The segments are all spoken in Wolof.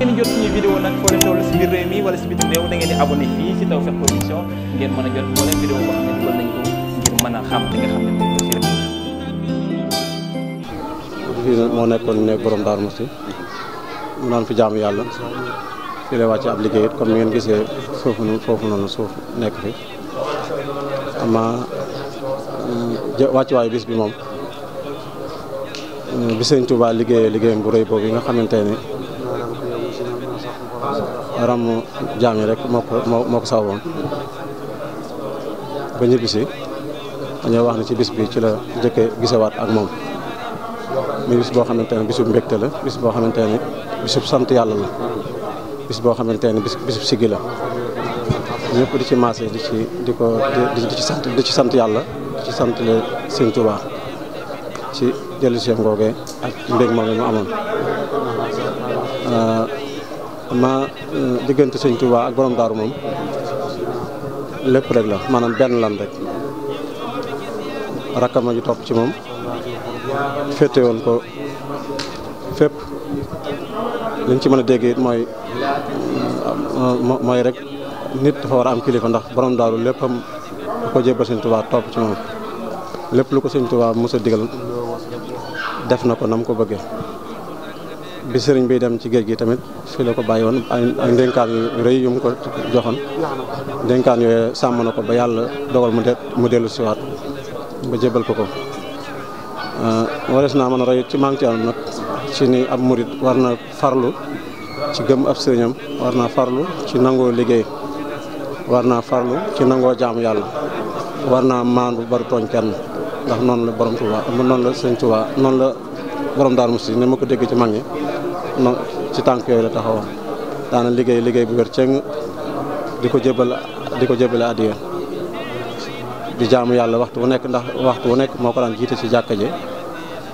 ngeen da ngeen di abonné fii si Tawfekh Production moo leen ne dugal nañ ko ngir a xam nekkoon ne borom Darou Mouhty mu naan fi jaamu yàlla fii lay wàcce ab liggéey comme ni ngeen gisee foofu noonu suuf nekk fi ama wàccuwaayu bis bi moom mm, bi Sëñ Touba liggéeyee liggéeyam bu rëy boobu yi nga xamante ram jaam yi rek moo ko moo ko sawoon ba ñu bisi dañoo wax ne ci bis bi ci la jëkke gisewaat ak moom muy bis boo xamante ne bisub mbégte la bis boo xamante ne bisub sant yàlla bis boo xamante ne bis bisub siggi la ñëpp di ci maase di ci di ko sant di ci sant yàlla di ci sant le Sëñ Tuubaa ci jëlluseem ngoogee ak mbég moom la mu amoon euh, diggante sëñ Touba ak borom daaru moom lépp rek la maanaam benn lan rek rakkama ju topp ci moom féete woon ko fépp liñ ci mën a dégg it mooy mooy rek nit dafa war a am kilifa ndax borom daaru léppam da ko jébbal sëñ Touba topp ci moom lépp lu ko sëñ Touba mos a digal def na ko nam ko bëggee bi sëriñ bi dem ci géej gi tamit fii la ko bàyyi woon ay ndénkaan yu rëy yu mu ko joxoon ndénkaan yooyu sàmm na ko ba yàlla dogal mu de mu dellu siwaat ba jébal ko ko euh, warees naa mën a roy ci maam Thierno nag ci ni ab murit war na farlu ci gëm ab sëriñam war naa farlu ci nangoo liggéey war naa farlu ci nangoo jaamu yàlla war naa bu bari tooñ kenn ndax noonu la borom Tuubaa noonu la sëriñ Tuubaa noonu la borom Daaru Musti ne ma ko dégg ci mag yi non ci tànk yooyu la taxawoon daana liggéey liggéey bu wér ceng di ko jébal di ko jébale addiya di jaamu yàlla waxtu wu nekk ndax waxtu wu nekk moo ko daan jiite ci jàkka ji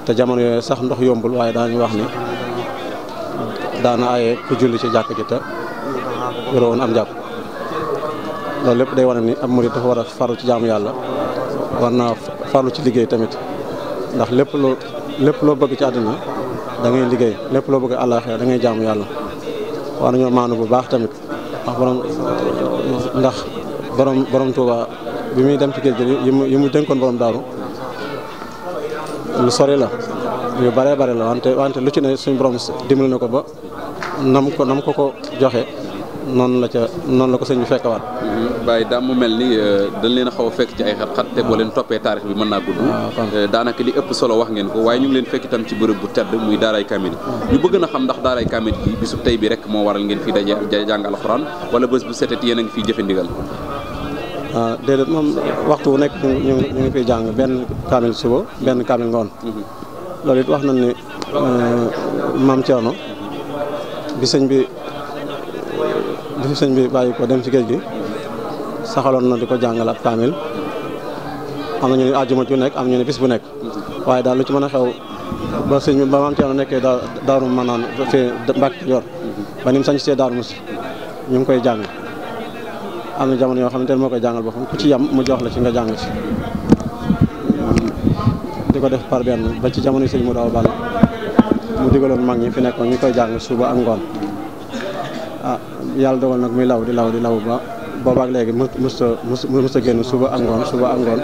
te jamono yooyu sax ndox yombul waaye daañu wax ni daana aye ku ci jàkka ji te yore woon am jàpp loolu lépp day wane ni am murid dafa war farlu ci jaamu yàlla war naa farlu ci liggéey tamit ndax lépp loo lépp loo bëgg ci àddina da ngay liggéey lépp loo bëgg àllaaxira da ngay jaamu yàlla war nañoo maanu bu baax tamit ndax borom ndax borom borom bi muy dem ci géej gi yi mu dénkoon borom daaru lu sori la yu bare bare la wante wante lu ci ne suñ borom dimbali na ko ba nam ko nam ko ko joxe noonu la ca noonu la ko sëñ bi waat waaye mhm. daa mu mel ni euh, dañ leen a xaw a fekk ci ay xat-xat te boo leen toppee taarix bi mën naa gudd. Ah, euh, daanaka li ëpp solo wax ngeen ko waaye ñu ngi leen fekk itam ci bërëb bu tedd muy daaray kamil ñu bëgg na xam ndax daaray kamil gi bisub tey bi rek moo waral ngeen fi daje jàng alxuraan wala bés bu setet yéen a ngi fiy jëfe ndigal waaw ah, waxtu wu nekk ñu ngi fiy jàng benn kaamil suba benn kaamil ngoon mhm. loolu it wax na ne euh, maam Thierno bi sëñ bi li fi sëñ bi bàyyi ko dem ci géej gi saxaloon na di ko jàngal ab kaamil am na ñu ne àjjuma ju nekk am ñu ne bis bu nekk waaye daal lu ci mën a xew ba sëñ ba maam Thierno nekkee daa daaru mën naan fii ba ni sañ see daaru ngi koy jàng am na jamono yoo xamante ne moo koy jàngal boppam ku ci yam mu jox la ci nga jàng ci di ko def par benn ba ci jamono sëñ mu daaw bàll mu digaloon mag ñi fi nekkoon ñu koy jàng suba ak ngoon ah yàlla dogal nag muy law di law di law ba boobaak léegi mu mës a mës a génn suba ak ngoon suba ak ngoon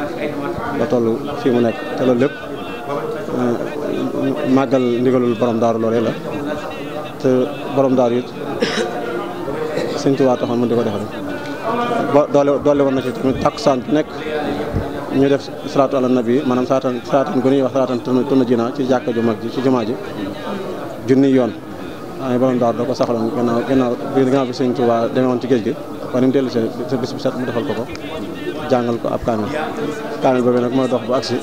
ba toll fii mu nekk te loolu lépp eh, màggal ndigalul borom daaru loole la te borom daaru it sëñ Tuubaa taxoon mu di ko defal ba doole doole woon na ci tamit takkusaan bu nekk ñu def salaatu ala nabi maanaam salaatan salaatan gu ñuy wax salaatan tuna tuna jina ci jàkka ju ji ci jumaa ji junni yoon ay borom daaru da ko saxaloon gannaaw ko ko jàngal ko ab kaamil kaamil mooy dox bu agsi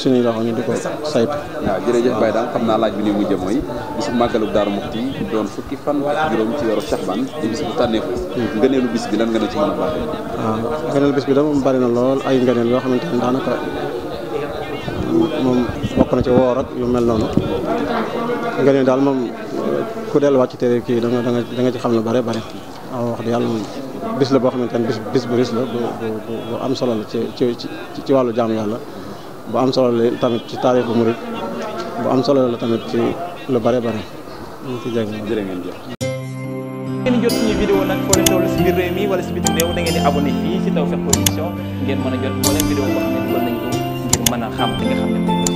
suñuy loxo ñu di ko saytu. waaw jërëjëf Baye daal xam naa laaj bi ni mujjee mooy bisu màggalu Daaru Muxti doon fukki fan ak juróom ci weeru Saxbaan di bis bu tànneeku. Hmm. bis bi lan nga ne ci mën a baaxee. waaw bis bi de moom bari na lool ay ngëneel yoo xamante ne daanaka moom bokk na ci woor ak yu mel noonu ngëneel daal moom. ku delluwaat ci téere kii da nga da nga ci xam lu bare bare waaw wax dëgg yàlla moom bis la boo xamante ne bis bis bu ris la bu bu am la ci ci ci wàllu jaamu yàlla bu am solo la tamit ci taarix bu murit bu am solo la tamit ci lu bare bare ñu ci jàng jërë da ngeen di abonné fii si Tawfekh Production ngeen mën a jot moo leen ngir mën a xam li nga xam ne